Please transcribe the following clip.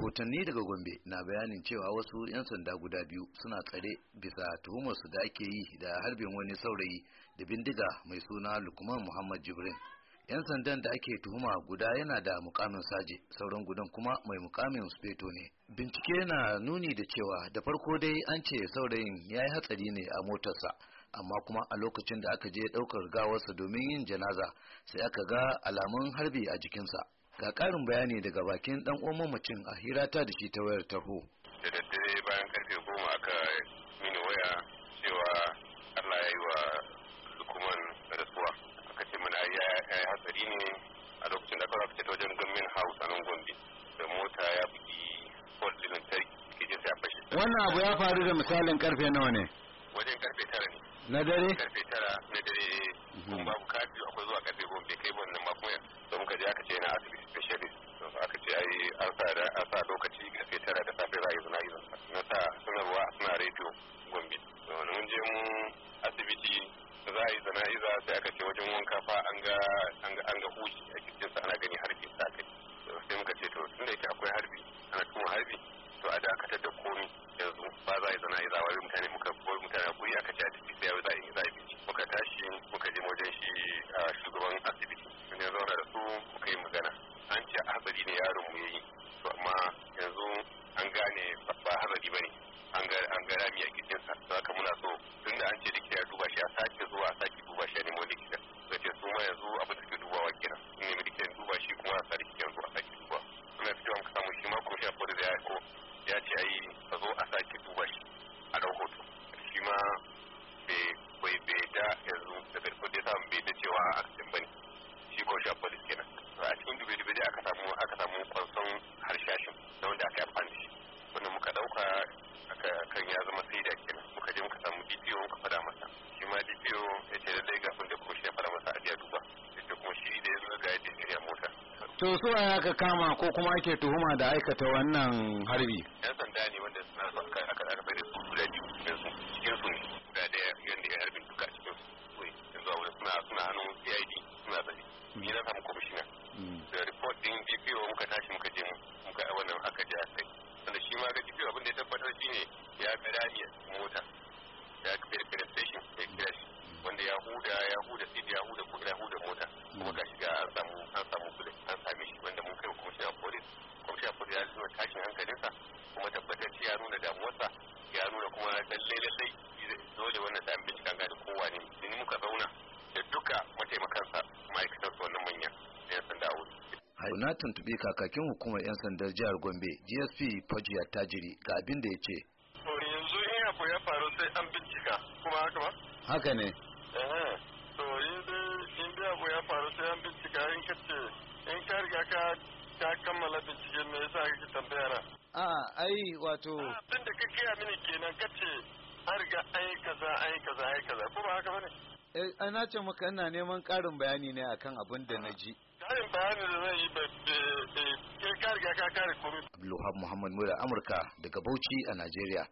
rahotanni daga gombe na bayanin cewa wasu 'yan sanda guda biyu suna tsare bisa tuhumarsu da ake yi da harbin wani saurayi da bindiga mai suna lukman muhammad jibrin 'yan sandan da ake tuhuma guda yana da mukamin saje sauran gudan kuma mai mukamin speto ne bincike na nuni da cewa da farko dai an ce saurayin ya yi hatsari ne a motarsa amma kuma a lokacin da aka je ɗaukar gawarsa domin yin janaza sai aka ga alamun harbi a jikinsa ga ƙarin bayani daga bakin ɗan uwan mamacin a hirata da shi ta wayar tarho da daddare bayan karfe goma aka mini waya cewa Allah ya yi wa hukuman rasuwa aka ce mana ya yi hatsari ne a lokacin da aka fita wajen gamin house a nan gombe da mota ya bugi ford lantarki ke jinsa ya fashe wannan abu ya faru da misalin karfe nawa ne wajen karfe tara ne na dare karfe tara na dare babu kafi akwai zuwa karfe gombe kai wannan ma kuma je aka ce yana asibiti specialist aka ce ai an sa da an sa lokaci sai tara da safe za a yi zuna izin na sa sanarwa suna rediyo gombe mun je mu asibiti za a yi zana'iza sai aka ce wajen wanka fa an ga an ga huji a sa ana gani harbi sa kai sai muka ce to tunda yake akwai harbi ana kuma harbi to a dakatar da komi yanzu ba za a yi zana'iza wa mutane muka an gara ya ce da dai kafin da kuma shi ya fara masa ajiya duba ya ce kuma shi da ya zo ga yadda ne a mota. to su ya aka kama ko kuma ake tuhuma da aikata wannan harbi. yan sanda ne wanda suna son kai aka aka bai da su guda biyu cikin su cikin su guda da yadda ya harbin duka cikin su yanzu a wurin suna suna hannun CID suna sani hmm. ni na samu kwamishina. Hmm. da report din DPO muka tashi muka je muka wannan aka je aka yi. wanda shi ma ga DPO abin da ya tabbatar shine ya ga rami mota ya ga station yahuda yahuda seed yahuda kuma yahuda mota hmm. kuma ga shiga samu an samu bullet an same shi wanda mun kai kwamishinan police a police ya nuna tashin sa kuma tabbatacce ya nuna sa ya nuna kuma lallai lallai dole wannan sa'in bincika gani kowa ne ni muka zauna da duka sa ma'aikatan su wannan manya da ya sanda wuri na tuntuɓi kakakin hukumar 'yan sandar jihar gombe gsp fajiya tajiri ga abin da ya ce yanzu in abu ya faru sai an bincika kuma haka ba haka ne ya faru sai an in a ai wato da kenan kace an riga ko ba haka bane eh ana maka ina neman karin bayani ne akan abin da na ji karin bayani da zai yi ba kai ka riga ka kare komai Abdulwahab Muhammad Mura Amurka daga Bauchi a Najeriya